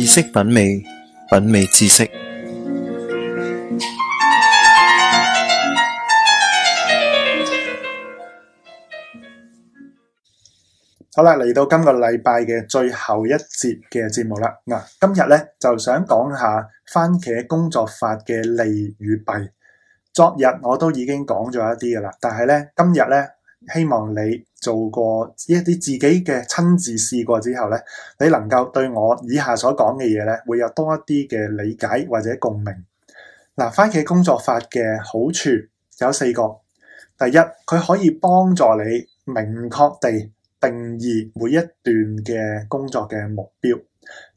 知識品味，品味知識。好啦，嚟到今個禮拜嘅最後一節嘅節目啦。嗱，今日咧就想講下番茄工作法嘅利與弊。昨日我都已經講咗一啲嘅啦，但係咧今日咧。希望你做過一啲自己嘅親自試過之後咧，你能夠對我以下所講嘅嘢咧，會有多一啲嘅理解或者共鳴。嗱，番茄工作法嘅好處有四個。第一，佢可以幫助你明確地定義每一段嘅工作嘅目標。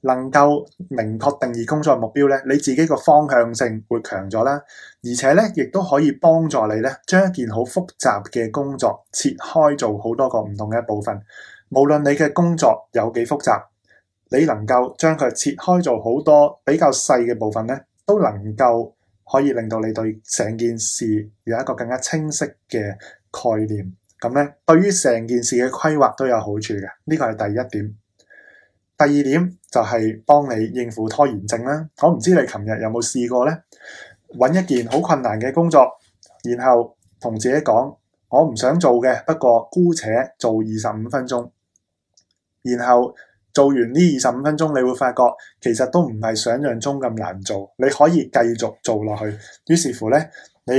能夠明確定義工作目標咧，你自己個方向性會強咗啦，而且咧亦都可以幫助你咧，將一件好複雜嘅工作切開做好多個唔同嘅部分。無論你嘅工作有幾複雜，你能夠將佢切開做好多比較細嘅部分咧，都能夠可以令到你對成件事有一個更加清晰嘅概念。咁咧，對於成件事嘅規劃都有好處嘅，呢個係第一點。第二點就係幫你應付拖延症啦。我唔知你琴日有冇試過呢？揾一件好困難嘅工作，然後同自己講：我唔想做嘅，不過姑且做二十五分鐘。然後做完呢二十五分鐘，你會發覺其實都唔係想象中咁難做，你可以繼續做落去。於是乎呢，你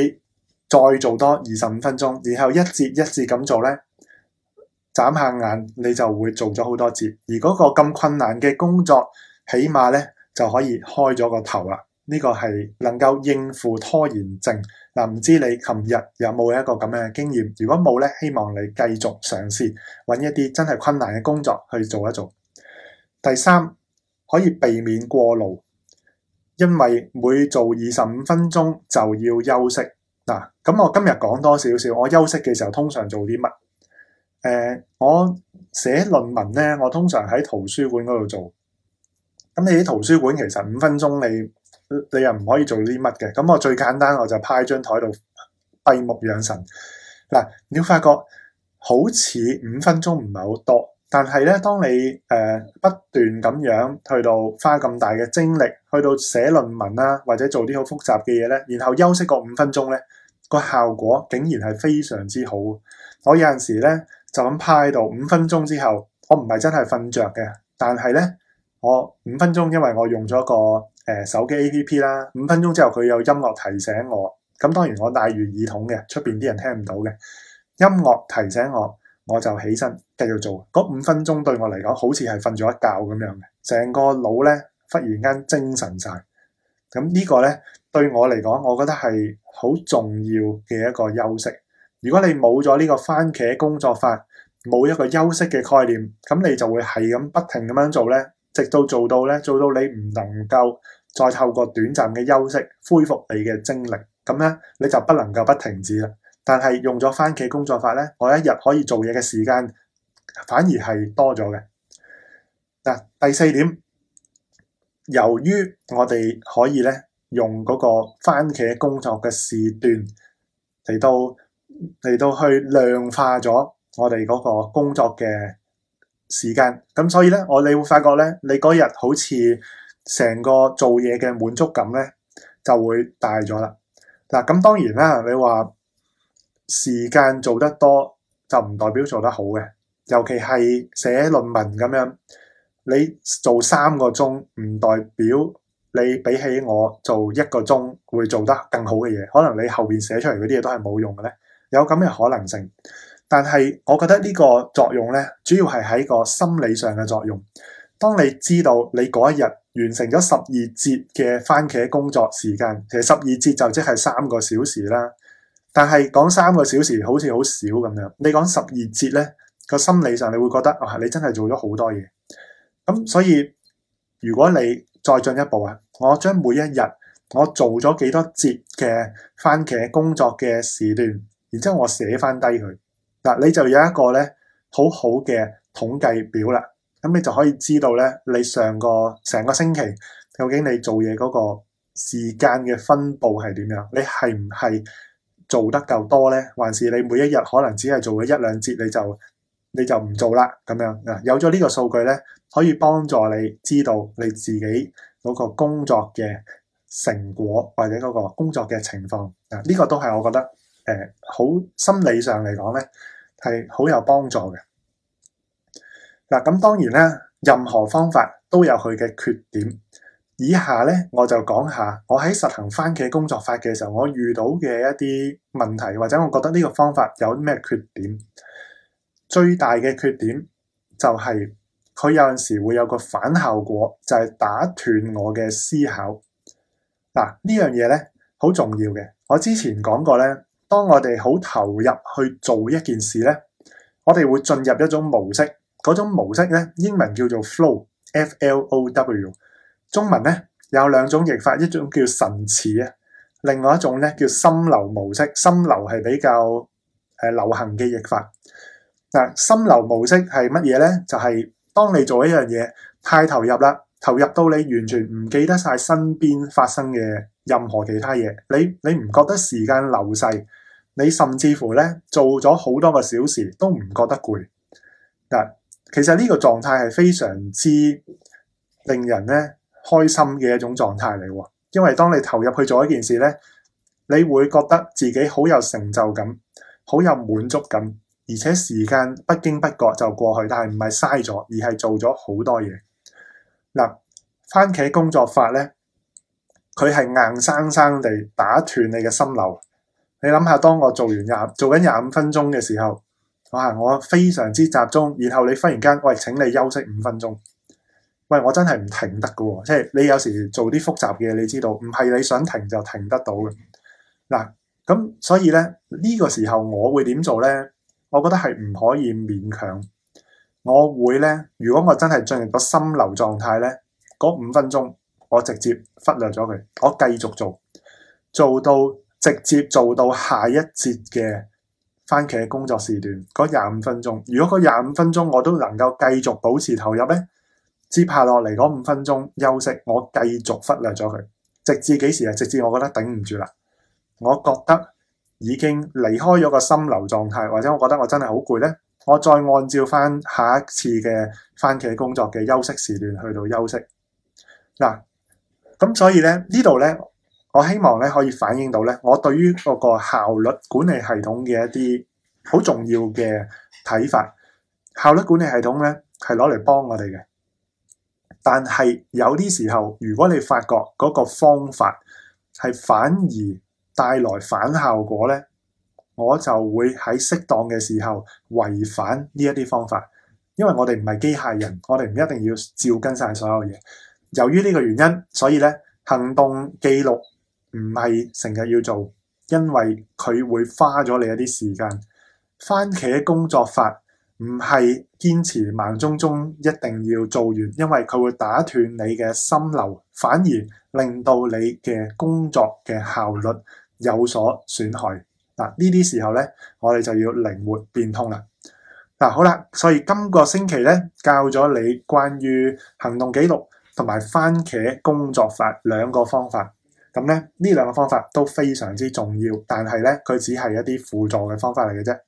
再做多二十五分鐘，然後一節一節咁做呢。眨下眼，你就會做咗好多節，而嗰個咁困難嘅工作，起碼呢就可以開咗個頭啦。呢、這個係能夠應付拖延症嗱。唔、呃、知你琴日有冇一個咁嘅經驗？如果冇呢，希望你繼續嘗試，搵一啲真係困難嘅工作去做一做。第三，可以避免過勞，因為每做二十五分鐘就要休息嗱。咁、呃、我今日講多少少，我休息嘅時候通常做啲乜？誒、呃，我寫論文咧，我通常喺圖書館嗰度做。咁你喺圖書館其實五分鐘你你又唔可以做啲乜嘅。咁我最簡單，我就趴張台度閉目養神。嗱，你會發覺好似五分鐘唔係好多，但係咧，當你誒、呃、不斷咁樣去到花咁大嘅精力去到寫論文啦、啊，或者做啲好複雜嘅嘢咧，然後休息個五分鐘咧，個效果竟然係非常之好。我有陣時咧。就咁趴喺度，五分鐘之後，我唔係真係瞓著嘅，但係呢，我五分鐘，因為我用咗個誒手機 A P P 啦，五分鐘之後佢有音樂提醒我，咁當然我戴住耳筒嘅，出邊啲人聽唔到嘅，音樂提醒我，我就起身繼續做，嗰五分鐘對我嚟講好似係瞓咗一覺咁樣嘅，成個腦呢忽然間精神晒，咁呢個呢對我嚟講，我覺得係好重要嘅一個休息。如果你冇咗呢個番茄工作法，冇一個休息嘅概念，咁你就會係咁不停咁樣做呢，直到做到呢，做到你唔能夠再透過短暫嘅休息恢復你嘅精力，咁呢你就不能夠不停止啦。但係用咗番茄工作法呢，我一日可以做嘢嘅時間反而係多咗嘅嗱。第四點，由於我哋可以呢用嗰個番茄工作嘅時段嚟到。嚟到去量化咗我哋嗰個工作嘅時間，咁所以咧，我你會發覺咧，你嗰日好似成個做嘢嘅滿足感咧就會大咗啦。嗱，咁當然啦，你話時間做得多就唔代表做得好嘅，尤其係寫論文咁樣，你做三個鐘唔代表你比起我做一個鐘會做得更好嘅嘢，可能你後邊寫出嚟嗰啲嘢都係冇用嘅咧。有咁嘅可能性，但係我覺得呢個作用呢，主要係喺個心理上嘅作用。當你知道你嗰一日完成咗十二節嘅番茄工作時間，其實十二節就即係三個小時啦。但係講三個小時好似好少咁樣，你講十二節呢，個心理上你會覺得啊，你真係做咗好多嘢。咁所以如果你再進一步啊，我將每一日我做咗幾多節嘅番茄工作嘅時段。然之後我寫翻低佢嗱，你就有一個咧好好嘅統計表啦，咁你就可以知道咧，你上個成個星期究竟你做嘢嗰個時間嘅分佈係點樣？你係唔係做得夠多咧？還是你每一日可能只係做咗一兩節你就你就唔做啦咁樣嗱。有咗呢個數據咧，可以幫助你知道你自己嗰個工作嘅成果或者嗰個工作嘅情況啊！呢個都係我覺得。誒，好心理上嚟講咧，係好有幫助嘅。嗱，咁當然咧，任何方法都有佢嘅缺點。以下咧，我就講下我喺實行番茄工作法嘅時候，我遇到嘅一啲問題，或者我覺得呢個方法有咩缺點。最大嘅缺點就係佢有陣時會有個反效果，就係打斷我嘅思考。嗱，呢樣嘢咧好重要嘅。我之前講過咧。當我哋好投入去做一件事呢，我哋會進入一種模式，嗰種模式呢，英文叫做 flow，f-l-o-w，中文呢有兩種譯法，一種叫神詞啊，另外一種呢叫心流模式。心流係比較誒流行嘅譯法。嗱，心流模式係乜嘢呢？就係當你做一樣嘢太投入啦，投入到你完全唔記得晒身邊發生嘅任何其他嘢，你你唔覺得時間流逝。你甚至乎咧做咗好多個小時都唔覺得攰。嗱，其實呢個狀態係非常之令人咧開心嘅一種狀態嚟。因為當你投入去做一件事咧，你會覺得自己好有成就感，好有滿足感，而且時間不經不覺就過去，但係唔係嘥咗，而係做咗好多嘢。嗱，番茄工作法咧，佢係硬生生地打斷你嘅心流。你諗下，當我做完廿做緊廿五分鐘嘅時候，哇！我非常之集中。然後你忽然間，喂，請你休息五分鐘。喂，我真係唔停得噶喎，即係你有時做啲複雜嘅嘢，你知道唔係你想停就停得到嘅。嗱、啊，咁所以咧呢、呢個時候我會點做咧？我覺得係唔可以勉強。我會咧，如果我真係進入個心流狀態咧，嗰五分鐘我直接忽略咗佢，我繼續做，做到。直接做到下一節嘅番茄工作時段嗰廿五分鐘，如果嗰廿五分鐘我都能夠繼續保持投入呢，接下落嚟嗰五分鐘休息，我繼續忽略咗佢，直至幾時啊？直至我覺得頂唔住啦，我覺得已經離開咗個心流狀態，或者我覺得我真係好攰呢。我再按照翻下一次嘅番茄工作嘅休息時段去到休息。嗱，咁所以呢，呢度呢。我希望咧可以反映到咧，我對於嗰個效率管理系統嘅一啲好重要嘅睇法。效率管理系統咧係攞嚟幫我哋嘅，但係有啲時候，如果你發覺嗰個方法係反而帶來反效果咧，我就會喺適當嘅時候違反呢一啲方法，因為我哋唔係機械人，我哋唔一定要照跟晒所有嘢。由於呢個原因，所以咧行動記錄，唔係成日要做，因為佢會花咗你一啲時間。番茄工作法唔係堅持盲中中一定要做完，因為佢會打斷你嘅心流，反而令到你嘅工作嘅效率有所損害。嗱，呢啲時候咧，我哋就要靈活變通啦。嗱，好啦，所以今個星期咧教咗你關於行動記錄同埋番茄工作法兩個方法。咁咧，呢兩個方法都非常之重要，但係咧，佢只係一啲輔助嘅方法嚟嘅啫。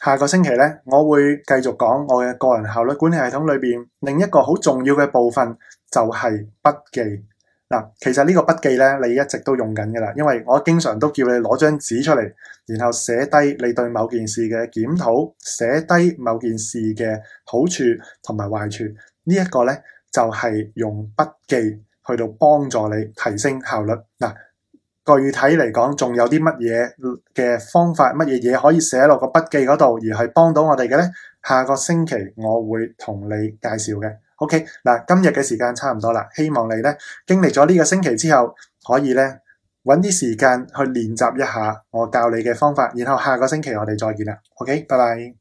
下個星期咧，我會繼續講我嘅個人效率管理系統裏面另一個好重要嘅部分，就係筆記。嗱，其實個筆呢個筆記咧，你一直都用緊㗎啦，因為我經常都叫你攞張紙出嚟，然後寫低你對某件事嘅檢討，寫低某件事嘅好處同埋壞處。這個、呢一個咧，就係、是、用筆記。去到幫助你提升效率，嗱，具體嚟講仲有啲乜嘢嘅方法，乜嘢嘢可以寫落個筆記嗰度而係幫到我哋嘅呢？下個星期我會同你介紹嘅。OK，嗱，今日嘅時間差唔多啦，希望你呢經歷咗呢個星期之後可以呢揾啲時間去練習一下我教你嘅方法，然後下個星期我哋再見啦。OK，拜拜。